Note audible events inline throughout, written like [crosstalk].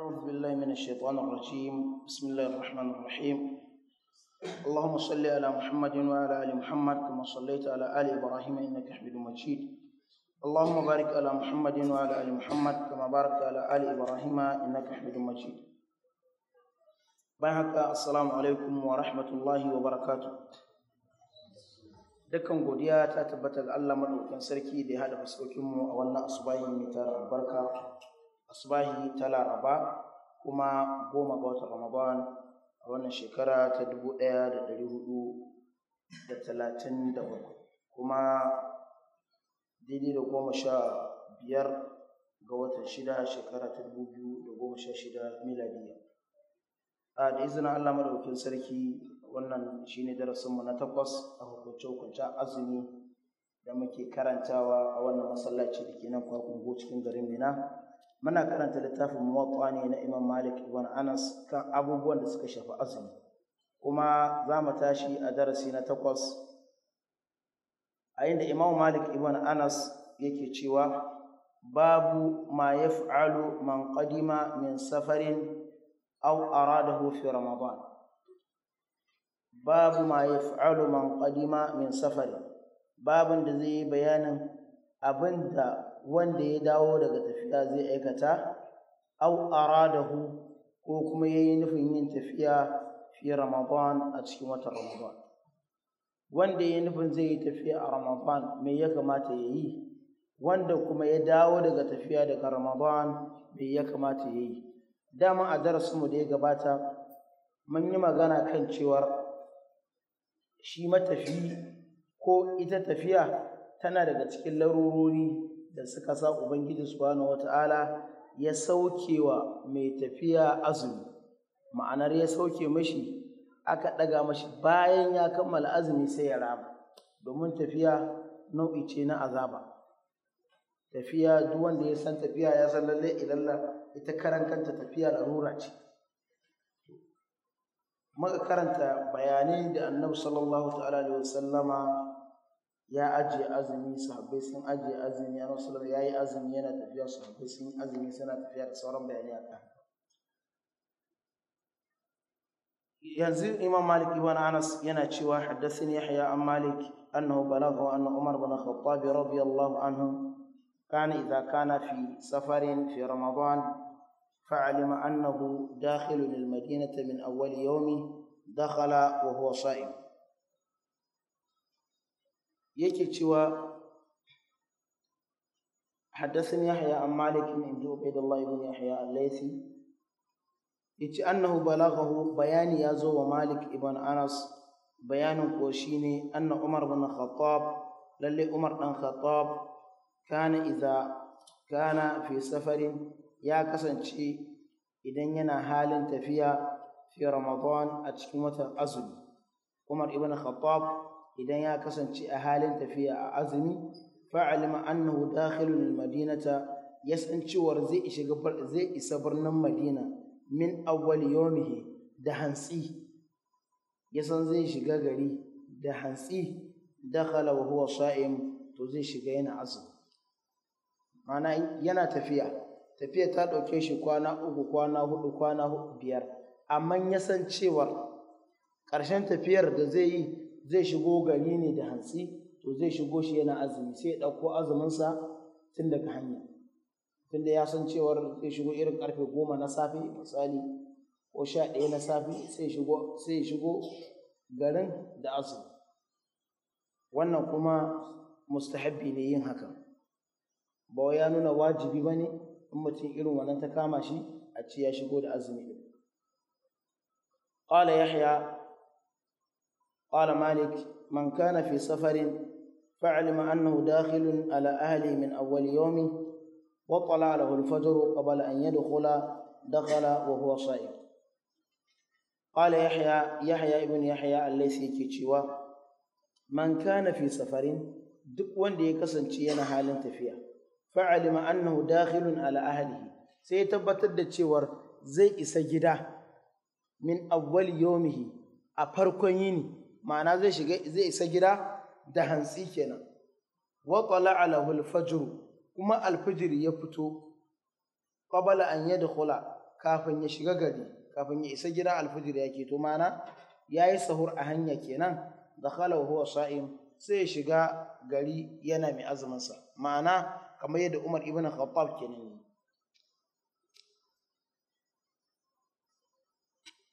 أعوذ بالله من الشيطان الرجيم بسم الله الرحمن الرحيم اللهم صل على محمد وعلى آل محمد كما صليت على آل إبراهيم إنك حميد مجيد اللهم بارك على محمد وعلى آل محمد كما باركت على آل إبراهيم إنك حميد مجيد بارك السلام عليكم ورحمة الله وبركاته dukkan godiya ta tabbatar Allah madaukakin sarki da ya hada fuskokinmu a wannan asubahi mai tara albarka asbahi ta laraba kuma goma ga watan ramadan a wannan shekara ta dubu ɗaya da ɗari hudu da talatin da bakwai kuma daidai da goma sha biyar ga watan shida shekara ta dubu biyu da goma sha shida miladiya a da izinin allah madaukin sarki wannan shine darasinmu na takwas a hukunce-hukuncen azumi da muke karantawa a wannan masallaci da ke nan kwakwungo cikin garin mina muna karanta littafin muwatta ne na imam malik ibn anas kan abubuwan da suka shafi azumi kuma za mu tashi a darasi na takwas a inda imam malik ibn anas yake cewa babu ma ya fi'alu man qadima min safarin aw aradahu fi ramadan babu ma ya fi'alu man qadima min safarin babin da zai yi bayanin abin wanda ya dawo daga tafiya Da zai aikata au aradahu ko kuma yayi nufin yin tafiya fi ramadan a cikin watan ramadan wanda yayi nufin zai yi tafiya a ramadan me ya kamata yayi wanda kuma ya dawo daga tafiya daga ramadan me ya kamata yayi dama a darasin mu da ya gabata mun yi magana kan cewar shi matafi ko ita tafiya tana daga cikin larurori da suka sa ubangiji subhanahu ta’ala ya saukewa mai tafiya azumi ma'anar ya sauke mashi aka ɗaga mashi bayan ya kammala azumi sai ya raba. domin tafiya nau'i ce na azaba tafiya duk wanda ya san tafiya ya san lallai ilalla ita karan kanta tafiya larura ce muka karanta bayanai da annabi sallallahu ta'ala alaihi wasallama ya ajiye azumi sahabbai sun ajiye azumi ya rasu ya yi azumi yana tafiya sahabbai sun azumi suna tafiya da sauran bayanai akan yanzu imam malik ibn anas yana cewa haddathani yahya an malik annahu balagha anna umar bin khattab radiyallahu anhu kana idha kana fi safarin fi ramadan فعلم أنه داخل المدينة من أول يوم دخل وهو صائم yake cewa حدثني يحيى عن مالك بن عبيد الله بن يحيى الليثي yace annahu balaghahu bayani ya zo wa Malik ibn Anas bayanin ko shine anna Umar ibn Khattab lalle Umar dan Khattab kana idza kana fi safarin ya kasance idan yana halin tafiya fi Ramadan a cikin watan azumi Umar ibn Khattab idan ya kasance a halin tafiya a azumi fa'alima annahu dakhilun madinata yasan san zai shiga zai isa birnin madina min awwal yawmihi da hantsi ya zai shiga gari da hantsi dakhala wa huwa sha'im to zai shiga yana azumi mana yana tafiya tafiya ta ɗauke shi kwana uku kwana hudu kwana biyar amma yasan san cewar ƙarshen tafiyar da zai yi zai shigo gari ne da hantsi to zai shigo shi yana azumi sai ya ɗauko azuminsa tun daga hanya tun da ya san cewar zai shigo irin karfe goma na safe misali ko sha ɗaya na safe sai shigo sai shigo garin da azumi wannan kuma mustahabbi ne yin haka ba ya nuna wajibi ba ne in mutum irin wannan ta kama shi a ce ya shigo da azumi ɗin قال يحيى قال مالك من كان في سفر فعلم أنه داخل على أهله من أول يومه وطلع له الفجر قبل أن يدخل دخل وهو صائم قال يحيى يحيى ابن يحيى الليثي كيتشوا من كان في سفر duk wanda ya kasance yana halin tafiya fa'alima annahu dakhilun ala ahlihi sai tabbatar da cewar zai isa gida min awwal yawmihi a farkon yini ma'ana zai shiga zai isa gida da hantsi kenan wa qala ala al kuma al ya fito qabala an yadkhula kafin ya shiga gari kafin ya isa gida al-fajr ya ke to ma'ana yayi sahur a hanya kenan dakhala wa huwa sa'im sai ya shiga gari yana mai azumin ma'ana kamar yadda Umar ibn Khattab kenan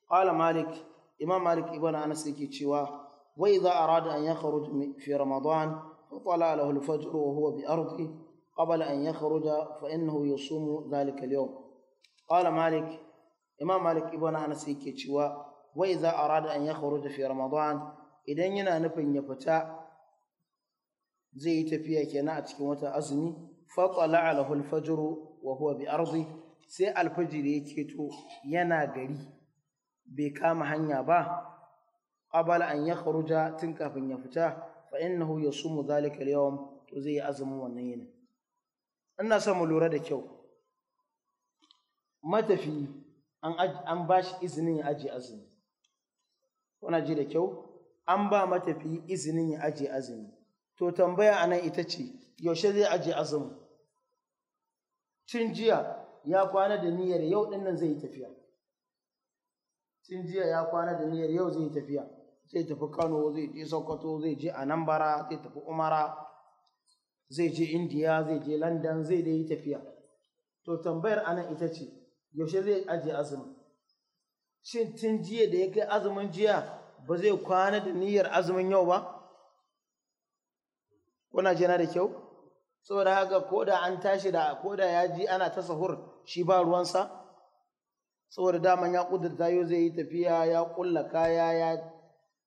قال Malik. imam malik ibn anas yake cewa wa idza arada an yakhruj fi ramadan fa tala lahu al-fajr wa huwa bi ardi qabla an yakhruja fa innahu yasumu dhalika al-yawm qala malik imam malik ibn anas yake cewa wa idza arada an yakhruj fi ramadan idan yana nufin ya fita zai yi tafiya kenan a cikin wata azumi fa tala lahu al-fajr wa huwa bi ardi sai alfajiri ya to yana gari bai kama hanya ba abala an ya kharuja tun kafin ya fita fa innahu yasumu dhalika al-yawm to zai yi azumin wannan yini ina son mu lura da kyau matafi an an bashi izinin ya aje azumi kuna ji da kyau an ba matafi izinin ya aje azumi to tambaya anan ita ce yaushe zai aje azumi tun jiya ya kwana da niyyar yau dinnan zai yi tafiya tun jiya ya kwana da niyyar yau zai tafiya zai tafi kano zai je sokoto zai je anambra zai tafi umara zai je indiya zai je london zai dai tafiya to tambayar anan ita ce yaushe zai ajiye azumi shin tun jiya da ya kai azumin jiya ba zai kwana da niyyar azumin yau ba kuna jina da kyau saboda haka ko da an tashi da ko da ya ji ana ta sahur shi ba ruwansa saboda daman ya kudurta yau zai yi tafiya ya kulla kaya ya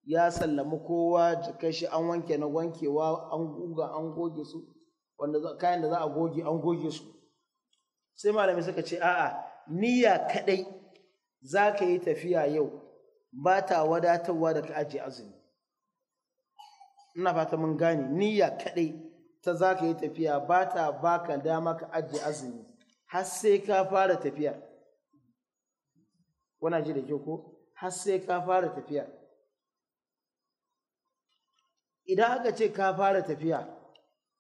ya sallami kowa jika shi an wanke na wankewa an guga an goge su wanda kayan da za a goge an goge su sai malamai suka ce a'a niyya kadai za ka yi tafiya yau ba ta wadatarwa da ka ajiye azumi ina fata mun gane niyya kadai ta za ka yi tafiya ba ta baka dama ka ajiye azumi har sai ka fara tafiya. kuna ji da kyau ko har sai ka fara tafiya idan aka ce ka fara tafiya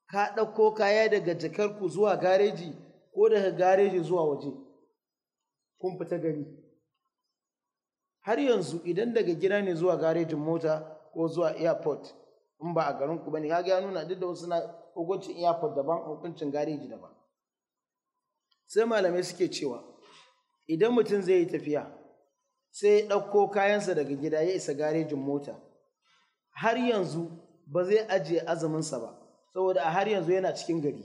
ka ɗauko kaya daga jakarku zuwa gareji ko daga gareji zuwa waje kun fita gari har yanzu idan daga gida ne zuwa garejin mota ko zuwa airport in ba a garinku ba ne kaga ya nuna duk da wasu na hukuncin airport daban hukuncin gareji daban sai malamai suke cewa idan mutum zai yi tafiya sai ya ɗauko kayansa daga gida ya isa garejin mota har yanzu ba zai ajiye azuminsa ba saboda a har yanzu yana cikin gari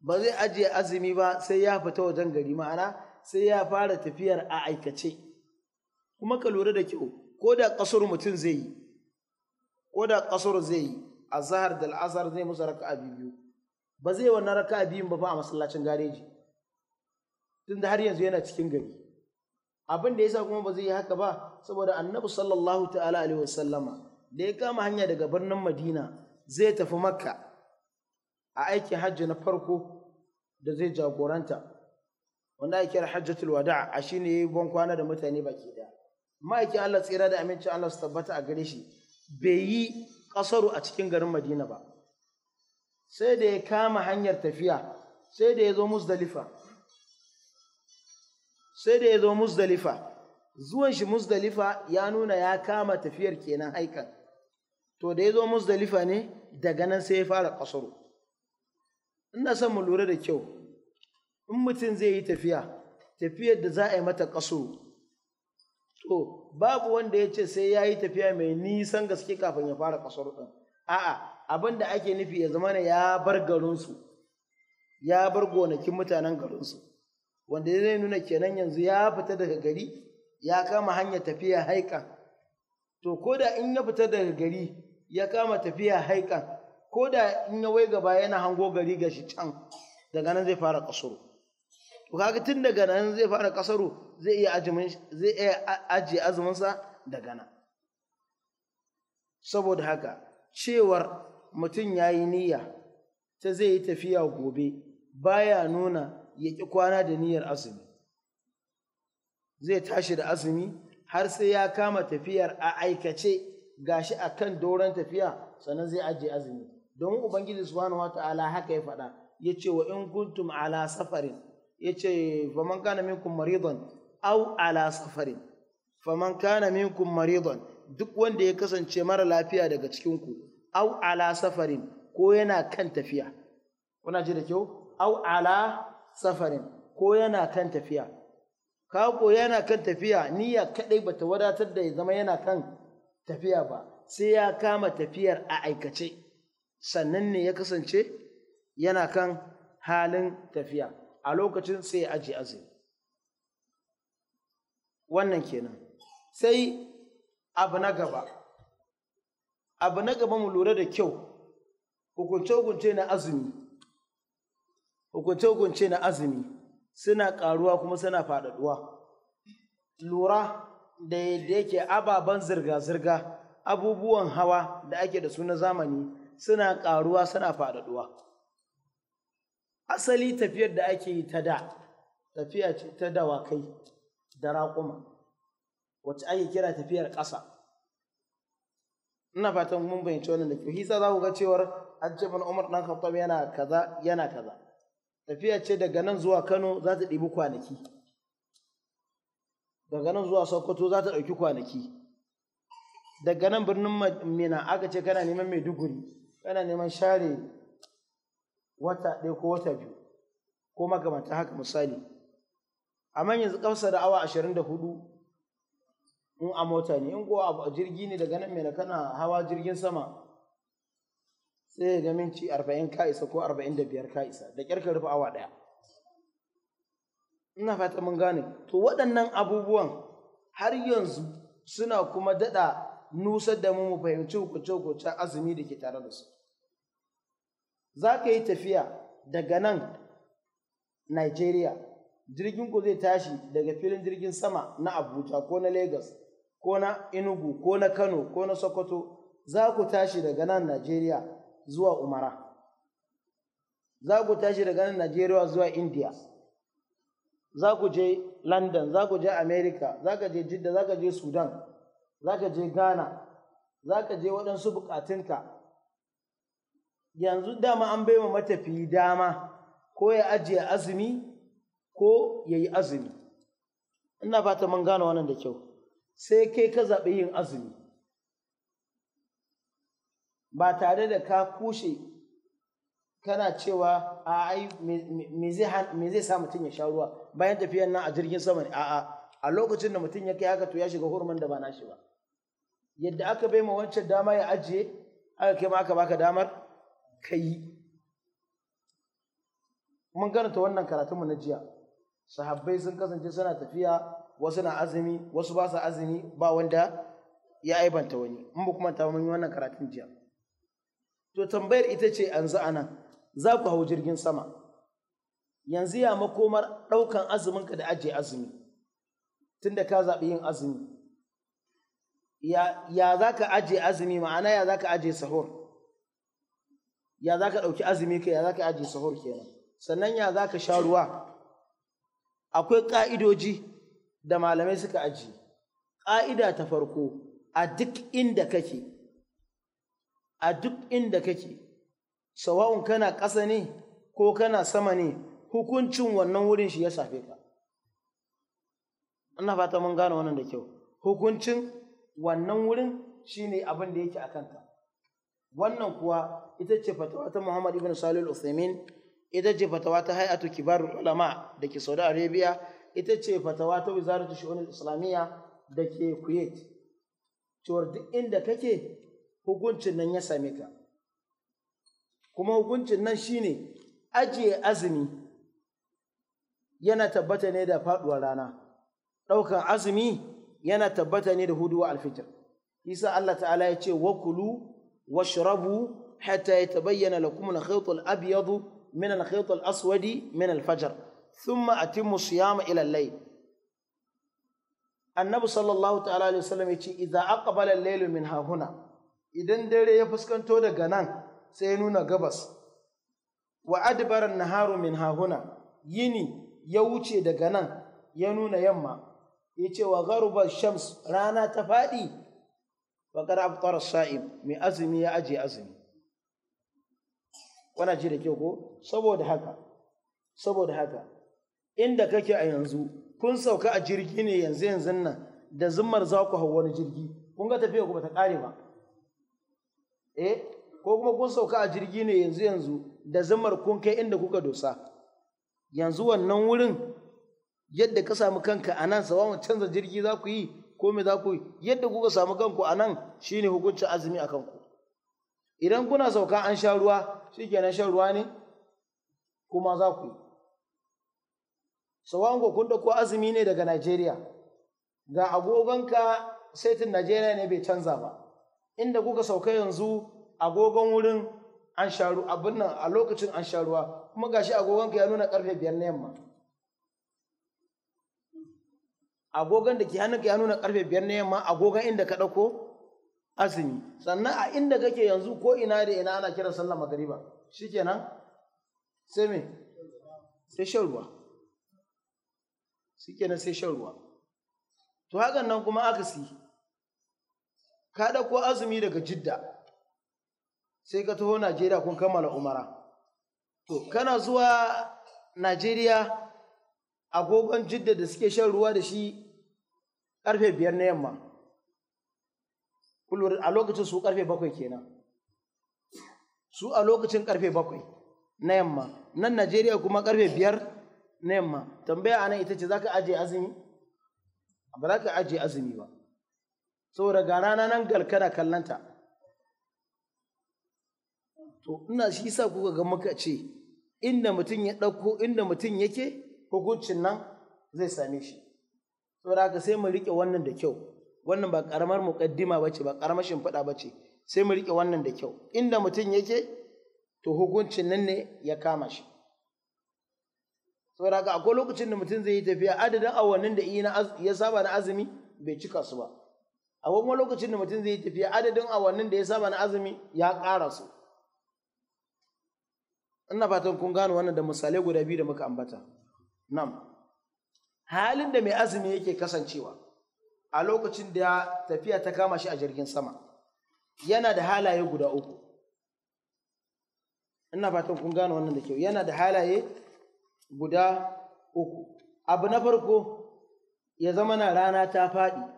ba zai ajiye azumi ba sai ya fita wajen gari ma'ana sai ya fara tafiyar a aikace kuma ka lura da kyau ko da kasar mutum zai yi ko da ƙasar zai yi a zahar da al'azhar zai musu raka'a biyu ba zai wannan raka'a biyun ba fa a masallacin gareji tunda har yanzu yana cikin gari abin da yasa kuma ba zai yi haka ba saboda annabi sallallahu ta'ala alaihi wasallama da ya kama hanya daga birnin madina zai tafi makka a aikin hajji na farko da zai jagoranta wanda ake kira hajjatul wada'a a shine yayi ban kwana da mutane baki daya ma'aikin Allah tsira da amincin Allah su tabbata a gare shi bai yi kasaru a cikin garin madina ba sai da ya kama hanyar tafiya sai da ya zo musdalifa sai da ya zo muzdalifa zuwan shi muzdalifa ya nuna ya kama tafiyar kenan haikan to da ya zo muzdalifa ne daga nan sai ya fara kasaro ina son mu lura da kyau in mutum zai yi tafiya tafiyar da za a yi mata kaso to babu wanda ya ce sai ya yi tafiya mai nisan gaske kafin ya fara kasar ɗin a'a abin da ake nufi ya zama ne ya bar garinsu ya bar gonakin mutanen garinsu wanda zai nuna kenan yanzu ya fita daga gari ya kama hanyar tafiya haikan to ko da in ya fita daga gari ya kama tafiya haika ko da in ya wai gaba yana hango gari ga shi can daga nan zai fara kasuru to kaga tun daga nan zai fara kasuru zai iya ajimin zai iya ajiye azumin sa daga nan saboda haka cewar mutum yayi niyya ta zai yi tafiya gobe baya nuna ya ƙi kwana da niyyar azumi zai tashi da azumi har sai ya kama tafiyar a aikace gashi a kan doron tafiya sannan zai ajiye azumi don ubangiji subhanahu ta'ala haka ya faɗa ya ce wa in kuntum ala safarin ya ce faman kana minkum maridon au ala safarin faman kana minkum maridon duk wanda ya kasance mara lafiya daga cikinku au ala safarin ko yana kan tafiya kuna ji da kyau au ala safarin ko yana kan tafiya ka ko yana kan tafiya niyya kadai bata wadatar da ya zama yana kan tafiya ba sai ya kama tafiyar a aikace sannan ne ya kasance yana kan halin tafiya a lokacin sai ya aji azumi wannan kenan sai abu na gaba abu na gaba mu lura da kyau hukunce-hukunce na azumi hukunce-hukunce na azumi suna ƙaruwa kuma suna faɗaɗuwa lura da yadda yake ababen zirga-zirga abubuwan hawa da ake da su na zamani suna ƙaruwa suna faɗaɗuwa asali tafiyar da ake yi ta da tafiya ce ta dawakai da raƙuma wacce ake kira tafiyar ƙasa ina fatan mun bayyance wannan da kyau hisa za ku ga cewar an ce umar dan khattab yana kaza yana kaza tafiya ce daga nan zuwa Kano za ta ɗibi kwanaki daga nan zuwa Sokoto za ta ɗauki kwanaki daga nan birnin Mina aka ce kana neman Maiduguri kana neman share wata ɗaya ko wata biyu ko magamata haka misali amma yanzu kamsa da awa ashirin da hudu in a mota ne in ko a jirgi ne daga nan Mina kana hawa jirgin sama sai ga minti arba'in ka isa ko arba'in da biyar ka isa da ƙyar ka rufe awa ɗaya ina fata mun gane to waɗannan abubuwan har yanzu suna kuma daɗa nusar da mu mu fahimci hukunce-hukuncen azumi da ke tare da su za ka yi tafiya daga nan Nigeria jirgin ku zai tashi daga filin jirgin sama na Abuja ko na Lagos ko na Enugu ko na Kano ko na Sokoto za ku tashi daga nan nigeria. zuwa umara za ku tashi daga nan najeriya zuwa india za ku je london za ku je america za ka je jidda za ka je sudan za ka je ghana za ka je waɗansu buƙatunka yanzu dama an bai wa matafiyi dama ko ya ajiye azumi ko ya yi azumi ina fata mun gane wannan da kyau sai kai ka zaɓi yin azumi ba tare da ka kushe kana cewa a ai me zai sa mutum ya sha ruwa bayan tafiyan nan a jirgin sama ne a'a a lokacin da mutum ya kai haka to ya shiga hurman da ba na shi ba yadda aka bai ma wancan dama ya ajiye aka kai ma aka baka damar ka mun karanta wannan karatunmu na jiya sahabbai sun kasance suna tafiya wasu na azumi wasu ba su azumi ba wanda ya aibanta wani in ba kuma ta mun yi wannan karatun jiya to tambayar ita ce yanzu anan za ku hau jirgin sama yanzu ya makomar ɗaukan azuminka da ajiye azumi tun da ka zaɓi yin azumi ya za ka ajiye azumi ma'ana ya za ka ajiye sahur ya za ka ɗauki azumi ka ya za ka ajiye sahur kenan sannan ya za ka sha ruwa akwai ƙa'idoji da malamai suka ajiye ƙa'ida ta farko a duk inda kake a duk inda kake sawa'un kana ƙasa ne ko kana sama ne hukuncin wannan wurin shi ya shafe ka ina fata mun gane wannan da kyau hukuncin wannan wurin shi ne abin da yake a kanka wannan kuwa ita ce fatawa ta Muhammad ibn Salil al ita ce fatawa ta hay'atu kibarul ulama da ke Saudi Arabia ita ce fatawa ta wizaratu shu'unul islamiyya da ke Kuwait cewar duk inda kake hukuncin nan ya same ka kuma hukuncin nan shine ajiye azumi yana tabbata ne da faduwar rana ɗaukan azumi yana tabbata ne da huduwa alfitr isa Allah ta'ala ya ce wa kulu washrabu hatta ya ta bayyana khayt al-abyad min al-khayt al-aswad min al thumma atimmu siyama ila layl annabi sallallahu ta'ala alaihi wasallam ya ce idza aqbala al-layl min hahuna idan dare ya fuskanto daga nan sai ya nuna gabas wa adbaran naharu min hahuna yini ya wuce daga nan ya nuna yamma ya ce wa garubar shams rana ta faɗi wa kada abtar sa'im mai azumi ya aje azumi wana ji da kyau ko saboda haka saboda haka inda kake a yanzu kun sauka a jirgi ne yanzu yanzu nan da zumar za ku hau wani jirgi kun ga tafiya ku ba ta ƙare ba eh ko kuma kun sauka a jirgi ne yanzu yanzu da zamar kun kai inda kuka dosa yanzu wannan wurin yadda ka samu kanka a nan sawawan canza jirgi za ku yi ko me za ku yi yadda kuka samu kanku a nan shine hukuncin azumi a kanku idan kuna sauka an sha ruwa kenan shan ruwa ne kuma za ku yi sawawan ku kun dauko azumi ne daga Najeriya ga agogonka saitin Najeriya ne bai canza ba inda kuka sauka yanzu agogon wurin an sharu abin nan a lokacin an sharuwa kuma gashi agogonka ya nuna karfe biyar na yamma agogon da ke hannunka ya nuna karfe biyar na yamma agogon inda ka ɗauko azumi sannan a inda kake yanzu ko ina da ina ana kiran sallah magariba shikenan sai me sai shan ruwa shikenan sai shan ruwa to hakan nan kuma akasi ka ɗauko azumi daga jidda sai ka taho najeriya kun kammala umara to kana zuwa najeriya agogon jidda da suke shan ruwa da shi karfe biyar na yamma a lokacin su karfe bakwai kenan su a lokacin karfe bakwai na yamma nan najeriya kuma karfe biyar na yamma tambaya nan ita ce za ka ajiye azumi ba za ka ajiye azumi ba saboda ga rana nan galkana kallanta to ina shi sa kuka ga muka ce inda mutum ya ɗauko inda mutum yake hukuncin nan zai same shi saboda haka sai mu riƙe wannan da kyau wannan ba ƙaramar muƙaddima ba ce ba ƙaramar shimfiɗa ba ce sai mu riƙe wannan da kyau inda mutum yake to hukuncin nan ne ya kama shi saboda haka akwai lokacin da mutum zai yi tafiya adadin awannin da ya saba na azumi bai cika su ba a wani lokacin da mutum zai tafiya adadin awannin da ya saba na azumi ya ƙara su ina fatan kun gano wannan da misalai guda biyu da muka ambata nam halin da mai azumi yake kasancewa a lokacin da tafiya ta kama shi a jirgin sama yana da halaye guda uku ina fatan kun gano wannan da kyau yana da halaye guda uku abu na farko ya zama na rana ta faɗi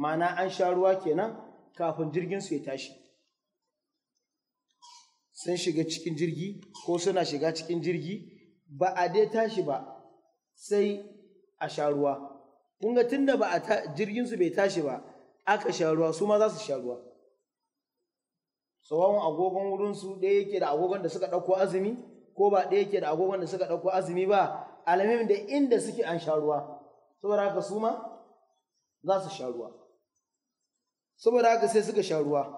ma'ana an sha ruwa kenan kafin jirgin su ya tashi sun shiga cikin jirgi ko suna shiga cikin jirgi ba a dai tashi ba sai a sha ruwa kun ga tunda ba a jirgin su bai tashi ba aka sha ruwa su ma za su sha ruwa tsawon agogon wurin su ɗaya yake da agogon da suka ɗauko azumi ko ba ɗaya yake da agogon da suka ɗauko azumi ba alamin da inda suke an sha ruwa saboda haka su ma za su sha ruwa saboda haka sai suka sha ruwa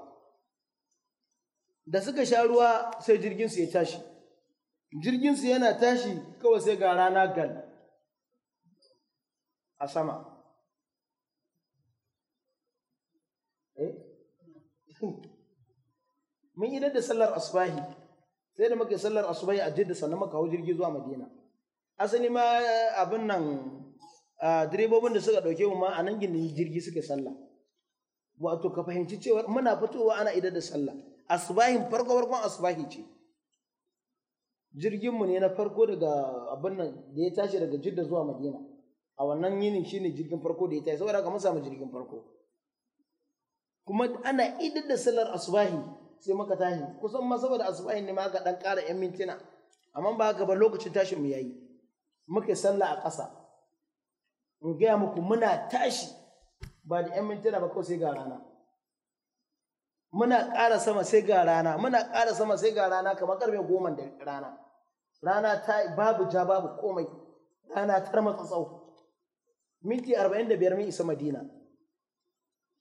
da suka sha ruwa sai jirginsu ya tashi jirginsu yana tashi kawai sai ga rana gal a sama eh? [laughs] mun yi da sallar asubahi, sai da muka sallar asubahi a jidda sannan muka hau jirgi zuwa madina asali ma eh, abin nan ah, direbobin da suka ɗauke mu ma a nan gindin jirgi suka sallah wato ka fahimci cewa muna fitowa ana idar da sallah Asubahin farko farkon asubahi ce jirginmu ne na farko daga abin nan da ya tashi daga jidda zuwa madina a wannan yinin shine jirgin farko da ya tashi saboda haka mun samu jirgin farko kuma ana idar da sallar asbahi sai muka tashi kusan ma saboda asubahin ne ma aka dan kara yan mintuna amma ba haka ba lokacin tashin mu yayi muka sallah a ƙasa in gaya muku muna tashi ba da 'yan mintuna ba kawai sai ga rana muna ƙara sama sai ga rana muna ƙara sama sai ga rana kamar karfe goma da rana rana ta babu ja babu komai rana tar tsawo minti arba'in da biyar mun isa madina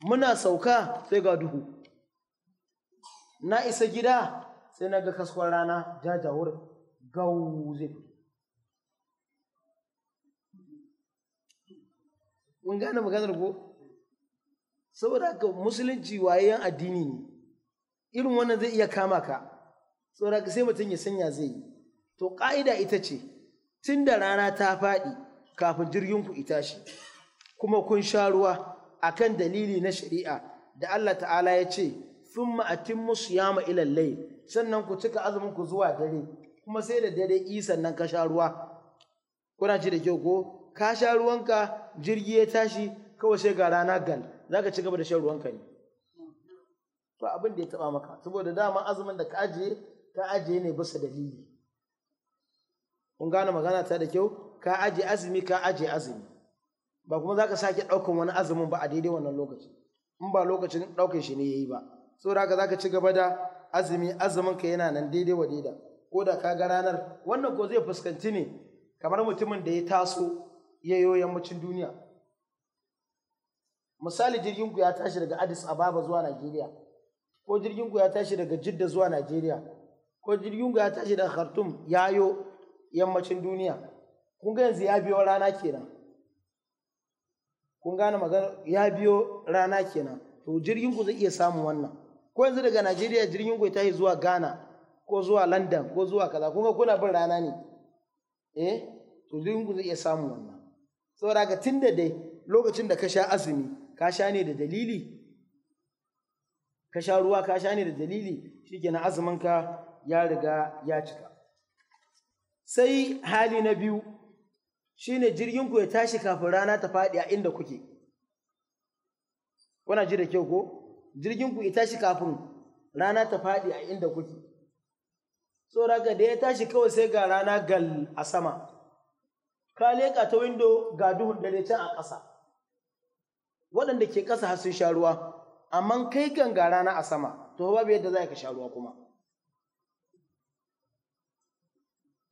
muna sauka sai ga duhu na isa gida sai na ga kaskon rana jajawar gauze mun gane maganar ko saboda haka musulunci yan addini ne irin wannan zai iya kama ka saboda haka sai mutum ya sanya zai yi to ƙa'ida ita ce tun da rana ta faɗi kafin jirgin ku ita shi kuma kun sha ruwa akan dalili na shari'a da Allah ta'ala ya ce sun atimmu siyama ilallai, ilallai sannan ku cika azumin ku zuwa dare kuma sai da dare isan sannan ka sha ruwa kuna ci da kyau ko ka sha ruwanka jirgi ya tashi kawai sai ga rana gal za ka ci gaba da shan ruwanka ne to abin da ya taba maka saboda dama azumin da ka ajiye ka ajiye ne bisa dalili kun gane magana ta da kyau ka ajiye azumi ka ajiye azumi ba kuma za ka sake ɗaukan wani azumin ba a daidai wannan lokaci in ba lokacin ɗaukan shi ne ya yi ba saboda haka za ka ci gaba da azumi azumin ka yana nan daidai wa daida ko da ka ga ranar wannan ko zai fuskanci ne kamar mutumin da ya taso ya yoyon mucin duniya misali jirgin ku ya tashi daga Addis Ababa zuwa Najeriya ko jirgin ku ya tashi daga Jidda zuwa Najeriya ko jirgin ku ya tashi daga Khartoum yayo yammacin duniya kun ga yanzu ya biyo rana kenan kun gane magana ya biyo rana kenan to jirgin ku zai iya samun wannan ko yanzu daga Najeriya jirgin ku ya tashi zuwa Ghana ko zuwa London ko zuwa kaza kun ga kuna bin rana ne eh to jirgin ku zai iya samun wannan saboda ga tunda dai lokacin da ka sha azumi ka sha ne da dalili ka sha ruwa ka sha ne da dalili shi azumin ka ya riga ya cika sai hali na biyu shine jirgin ku ya tashi kafin rana ta faɗi a inda kuke kuna ji da kyau ko jirgin ku ya tashi kafin rana ta faɗi a inda kuke tsoraka da ya tashi kawai sai ga rana gal a sama ka leka ta windo ga duhun dare can a ƙasa waɗanda ke ƙasa har sun sha ruwa amma kai ganga rana a sama to babu yadda za ka sha ruwa kuma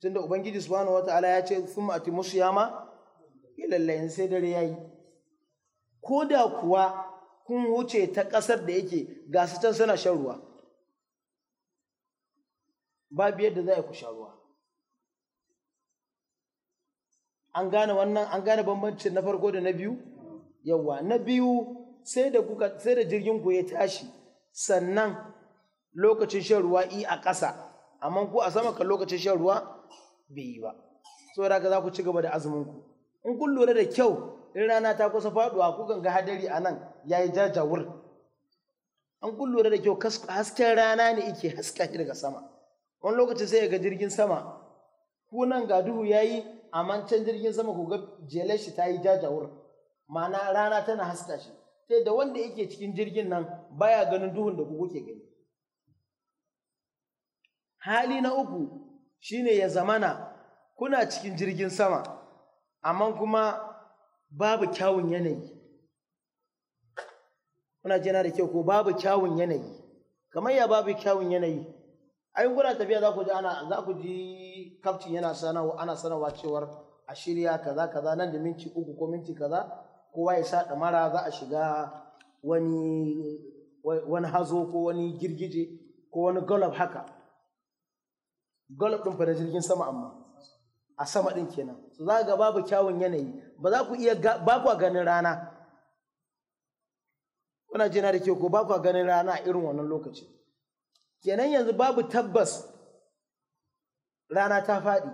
tunda ubangiji subhanahu ta'ala ya ce thumma atimu yama ila eh, lain sai dare yayi ko da kuwa kun wuce ta ƙasar da yake ga su can suna shan ruwa babu yadda za ku sha ruwa an gane wannan an gane bambancin na farko da na biyu yawa na biyu sai da jirgin ku ya tashi sannan lokacin shan ruwa i a ƙasa amma ku a sama kan lokacin shan ruwa bai yi ba saboda haka za ku ci gaba da azumin ku in kun lura da kyau in rana ta kusa faduwa kukan ga hadari a nan ya yi jajawur an kun lura da kyau hasken rana ne ike haska shi daga sama wani lokacin sai ga jirgin sama ku nan ga duhu ya yi amma can jirgin sama ku ga jelar shi ta yi jajawur ma'ana rana tana haska shi sai da wanda yake cikin jirgin nan baya ganin duhun da kuke gani hali na uku shine ya zamana kuna cikin jirgin sama amma kuma babu kyawun yanayi kuna jina da kyau ko babu kyawun yanayi kamar ya babu kyawun yanayi yin kuna tafiya za ku ji ana za ku ji kaftin yana sanarwa ana sanarwa cewar a shirya kaza kaza nan da minti uku ko minti kaza kowa ya sha ɗamara za a shiga wani wani hazo ko wani girgije ko wani golab haka golab ɗin fara jirgin sama amma a sama ɗin kenan su za ga babu kyawun yanayi ba za ku iya ba ku ganin rana kuna jina da ke ko ba ku ganin rana a irin wannan lokaci kenan yanzu babu tabbas rana ta faɗi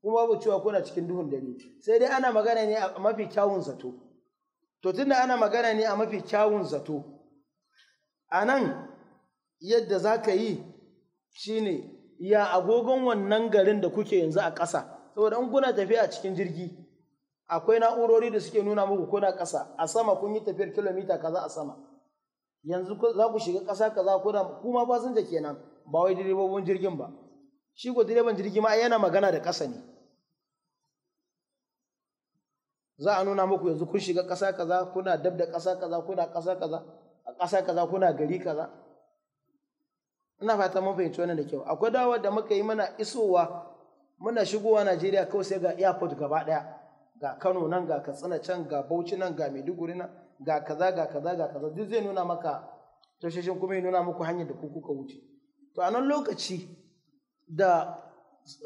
kuma babu cewa kuna cikin duhun dare sai dai ana magana ne a mafi kyawun zato to tunda ana magana ne a mafi kyawun zato a nan yadda za ka yi shi ne, ya agogon wannan garin da kuke yanzu a ƙasa saboda in kuna tafiya a cikin jirgi akwai na'urori da suke nuna muku kuna ƙasa a sama kun yi tafiyar kilomita kaza a sama yanzu za ku shiga ƙasa kaza kuna kuma fasinja kenan ba wai direbobin jirgin ba shi ko direban jirgi ma yana magana da ƙasa ne za a nuna muku yanzu kun shiga ƙasa kaza kuna dab da ƙasa kaza kuna ƙasa kaza a ƙasa kaza kuna gari kaza ina fata mun fahimci wannan da kyau akwai dawa da muka yi mana isowa muna shigowa Najeriya kawai sai ga airport gaba ɗaya ga Kano nan ga Katsina can ga Bauchi nan ga Maiduguri nan ga kaza ga kaza ga kaza duk zai nuna maka tashoshin kuma ya nuna muku hanyar da ku kuka wuce to a nan lokaci da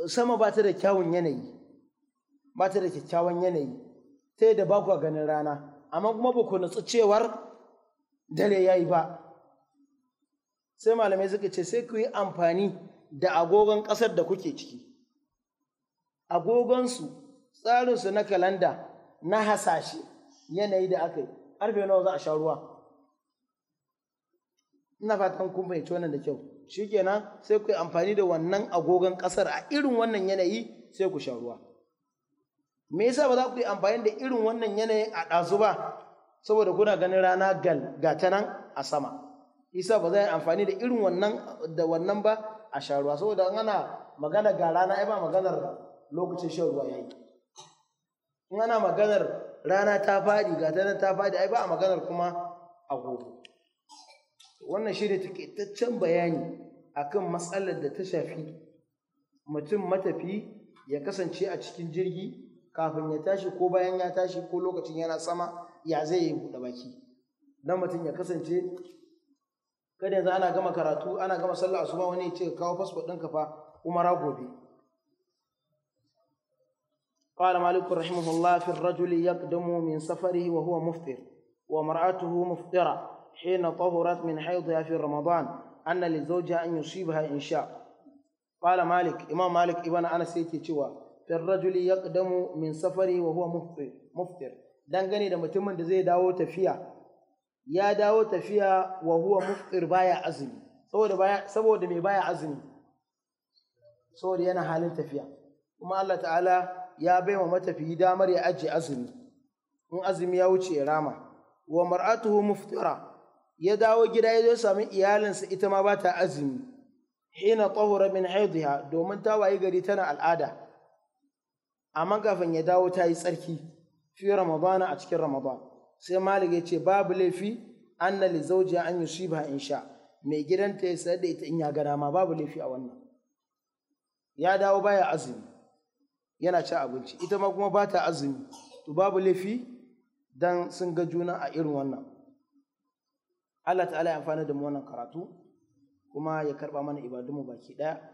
sama ba ta da kyawun yanayi ba ta da kyakkyawan yanayi ta yadda ba ku ganin rana amma kuma ba ku nutsu cewar dare ya yi ba sai malamai suka ce sai ku yi amfani da agogon ƙasar da kuke ciki agogonsu tsarinsu na kalanda na hasashe yanayi da aka yi ƙarfe nawa za a sha ruwa ina fatan kun fahimci wannan da kyau shikenan sai ku yi amfani da wannan agogon ƙasar a irin wannan yanayi sai ku sha ruwa me yasa ba za ku yi amfani da irin wannan yanayin a ɗazu ba saboda kuna ganin rana gal gata nan a sama isa ba za yi amfani da irin wannan da wannan ba a sha saboda ana magana ga rana ai ba maganar lokacin shan ruwa yayi in ana maganar rana ta faɗi gata nan ta faɗi ai ba a maganar kuma agogo wannan shi ne takaitaccen bayani akan matsalar da ta shafi mutum matafi ya kasance a cikin jirgi kafin ya tashi ko bayan ya tashi ko lokacin yana sama ya zai yi buɗe baki dan mutum ya kasance kada yanzu ana gama karatu ana gama sallah asuba wani ya ce kawo fasfot ɗinka fa umara gobe قال مالك رحمه الله في الرجل يقدم من سفره وهو مفطر ومرأته مفطرة حين طهرت من حيضها في رمضان أن لزوجها أن يصيبها إن شاء قال مالك إمام مالك ابن أنس يتشوى fi rajuli yaqdamu min safari wa huwa muftir dangane da mutumin da zai dawo tafiya ya dawo tafiya wa huwa muftir baya azumi saboda mai baya azumi saboda yana halin tafiya kuma Allah ta'ala ya bai wa matafiyi damar ya ajiye azumi in azumi ya wuce rama wa mar'atuhu muftira ya dawo gida ya zo sami iyalinsa ita ma ba ta azumi hina tahura min haidiha domin ta wayi gari tana al'ada amma kafin ya dawo ta yi tsarki fi ramadana a cikin ramadan sai malik ya ce babu laifi anna li jiya an yi ba in sha mai gidanta ya sayar da ita in ya gana ma babu laifi a wannan ya dawo baya azumi yana ci abinci ita ma kuma ba ta azumi to babu laifi dan sun ga juna a irin wannan Allah ta'ala ya amfana da mu wannan karatu kuma ya karba mana ibadunmu baki ɗaya.